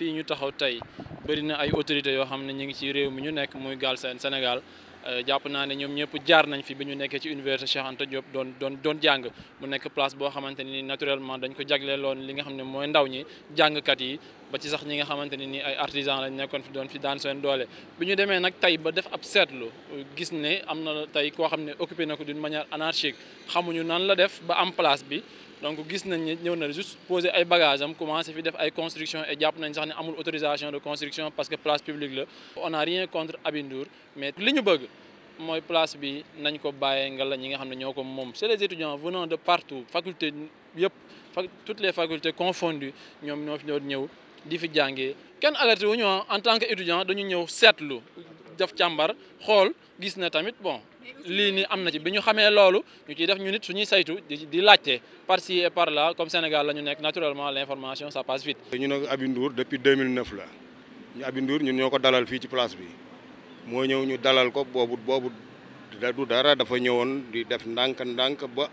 fii ñu taxaw tey bëri na ay autorités yoo xam ne ñu ngi ci réew mi ñu nekk muy Galsen Sénégal euh, jàpp naa ne ñoom ñëpp jaar nañ fi bi ñu nekkee ci université Cheikh Anta Diop doon doon doon jàng mu nekk place boo xamante ne ni naturellement dañ ko jagleeloon li nga xam ne mooy ndaw ñi jàngkat yi ba ci sax ñi nga xamante ne ni ay artisan lañ nekkoon fi doon fi daan seen doole bi ñu demee nag tey ba def ab seetlu gis ne am na tey koo xam ne occupé na ko d'une manière anarchique xamuñu nan la def ba am place bi donc nous avons juste posé des bagages am commencé à faire des constructions et nous avons sax autorisation de construction parce que place publique on n'a rien contre Abindour mais ce qui nous mooy place bi nañ ko la ñi nga c'est les étudiants venant de partout toutes les facultés confondues Nous avons fi des di fi ce kenn alerté fait ah, en tant qu'étudiants, étudiant dañu def càmbar xool gis na tamit bon li ni amna ci biñu xamé lolu ñu ci def ñu nit suñuy saytu di di laajte par ci et par là comme Sénégal lañu nek naturellement l'information ça passe vite. ñu ne Aby depuis 2009 la ñu Aby ñun ñoko dalal fi ci place bi mo ñew ñu dalal ko bobu boobu du dara dafa ñewon di def ndank ndank ba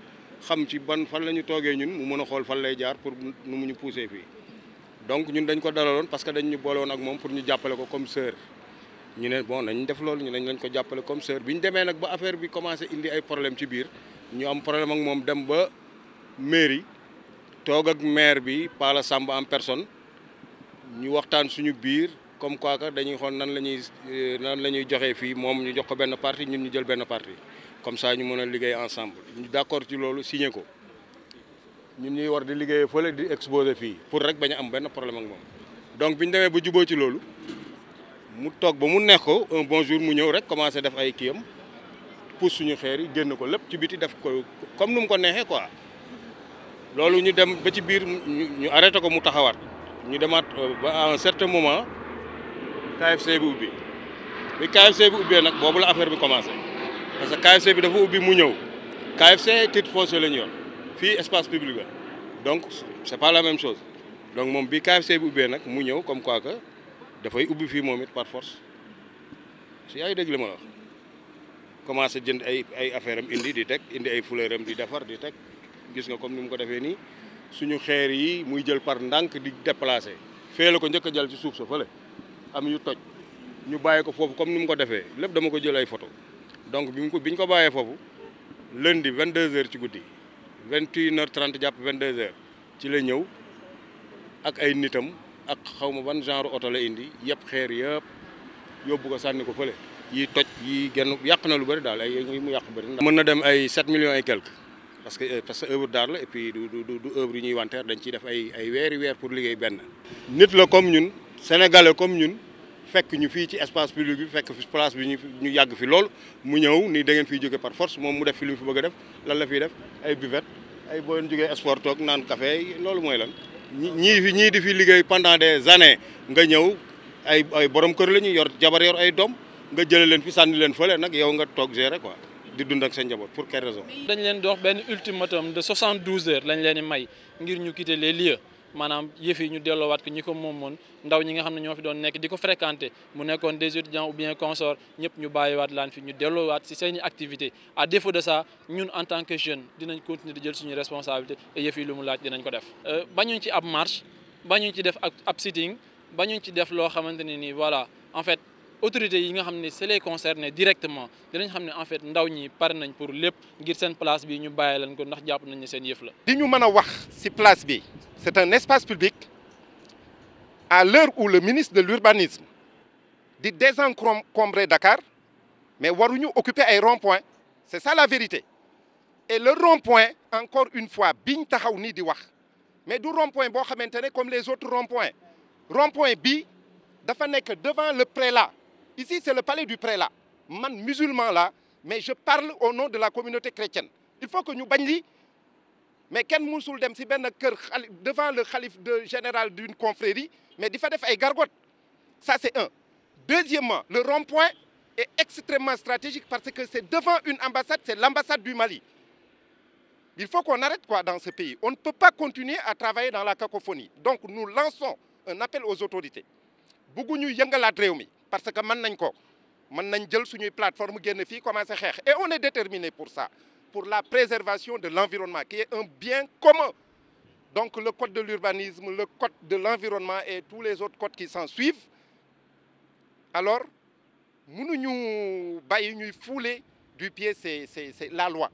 xam ci ban fan lañu ñu ñun mu mëna xol fan lay jaar pour nu muñu pousser fi donc ñun dañ ko dalalon parce que dañ ñu boole woon ak mom pour ñu jappalé ko comme sœur. ñu né bon nañ def loolu ñu nañ lañ ko jappalé comme sœur biñ démé nak ba affaire bi commencé indi ay problème ci biir ñu am problème ak mom dem ba mairie toog ak maire bi pa la Samba am personne ñu waxtaan suñu biir comme quoi que dañuy xon nan lañuy euh, nan lañuy joxé fi mom ñu jox ko ben parti ñun ñu jël ben parti comme ça ñu mëna liggéey ensemble ñu d'accord ci loolu signé ko ñun ñuy war di liggéey fële di exposer fi pour rek baña am ben problème ak mom donc biñ démé demee ba juboo ci loolu mu toog ba mu neex ko un bon jour mu ñëw rek commencé def ay kiyam pour suñu xeer yi génn ko lépp ci biti def ko comme nu mu ko neexee quoi loolu ñu dem ba ci biir ñu arrêté ko mu taxawaat ñu demaat euh, ba à un certain moment KFC bi ubbi bi KFC bi ubbee nag boobu la affaire bi commencé parce que KFC bi dafa ubbi mu ñëw KFC titre foncier la ñu yor fii espace public la donc c'est pas la même chose donc moom bi KFC bi ubbee nag mu ñëw comme quoi que dafay ubbi fii moom it par force si yaay dégg li la wax commencé jënd ay ay affaire am indi di teg indi ay fleur am di defar di teg gis nga comme ni mu ko defee nii suñu xeer yi muy jël par ndànk di déplacé fee ko njëkk a ci suuf sa fële am yu toj ñu bàyyee ko foofu comme ni mu ko defee lépp dama ko jël ay photo donc bi mu ko bi ñu ko bàyyee foofu lundi 22h ci guddi 21h30 jàpp 22h ci la ñëw ak ay nitam. ak xawma ban genre auto la indi yeb xeer yeb yobbu ko sanni ko fele yi toj yi genn yak na lu bëri dal ay yi mu yak bëri. mën na dem ay 7 millions et quelques parce que euh, parce que œuvre d'art la et puis du du du œuvre yu ñuy wanter dañ ci def ay ay weeri weer pour liguey ben nit la comme ñun sénégalais comme ñun fekk ñu fi ci espace public bi fekk fi place bi ñu ñu yàgg fi lool mu ñew ni da ngeen fi joggé par force mom mu def fi lu mu fi bëgg def lan la fi def ay buvette ay boyon joggé sport tok nan café lool moy lan. ñii fi ñii di fi liggéey pendant des années nga ñëw ay ay borom kër la ñu yor jabar yor ay doom nga jële leen fi sànni leen fële nag yow nga toog gérer quoi di dund ak seen njaboot pour quelle raison. dañ leen di wax benn ultimatum de 72 heures lañ leen di may ngir ñu quitter les lieux. manam yëf yi ñu wat ko ñiko ko moomoon ndaw ñi nga xam ne ñoo fi doon nek diko fréquenter mu nekkoon des étudiants ou bien consorts ñëpp ñu bàyyiwaat laan fi ñu délo wat ci seen activité à défaut de ça ñun en tant que jeune dinañ continuer di jël suñu responsabilité et yëf yi lu mu laaj dinañ ko def euh, bañuñ ci ab marche bañuñ ci def ab sitting bañuñ ci def lo xamanteni ni voilà en fait autorités yi nga xamné c'est les concernés directement dinañ xamné en fait ndaw ñi par nañ pour lépp ngir seen place bi ñu bàyyi leen ko ndax japp nañ ni seen yef la. diñu mëna wax ci place bi c'est un espace public à l'heure où le ministre de l'urbanisme dit désencombrer Dakar mais waruñu occuper un rond-point c'est ça la vérité et le rond-point encore une fois c'est taxaw qu'on mais du rond-point bon comme les autres rond points rond-point bi devant le prélat ici c'est le palais du prélat man musulman là mais je parle au nom de la communauté chrétienne il faut que nous bañ mais quel moussoul dem si ben devant le Khalife général d'une confrérie mais di fa def ay gargote ça c'est un deuxièmement le rond-point est extrêmement stratégique parce que c'est devant une ambassade c'est l'ambassade du Mali il faut qu'on arrête quoi dans ce pays on ne peut pas continuer à travailler dans la cacophonie donc nous lançons un appel aux autorités bëgguñu yëngalaat réew parce que man nañ ko man nañ jël suñuy plateforme génn fi commencer xex et on est déterminé pour ça la préservation de l'environnement, qui est un bien commun. Donc le code de l'urbanisme, le code de l'environnement et tous les autres codes qui s'en suivent. Alors, nous nous foulons du pied, c'est la loi.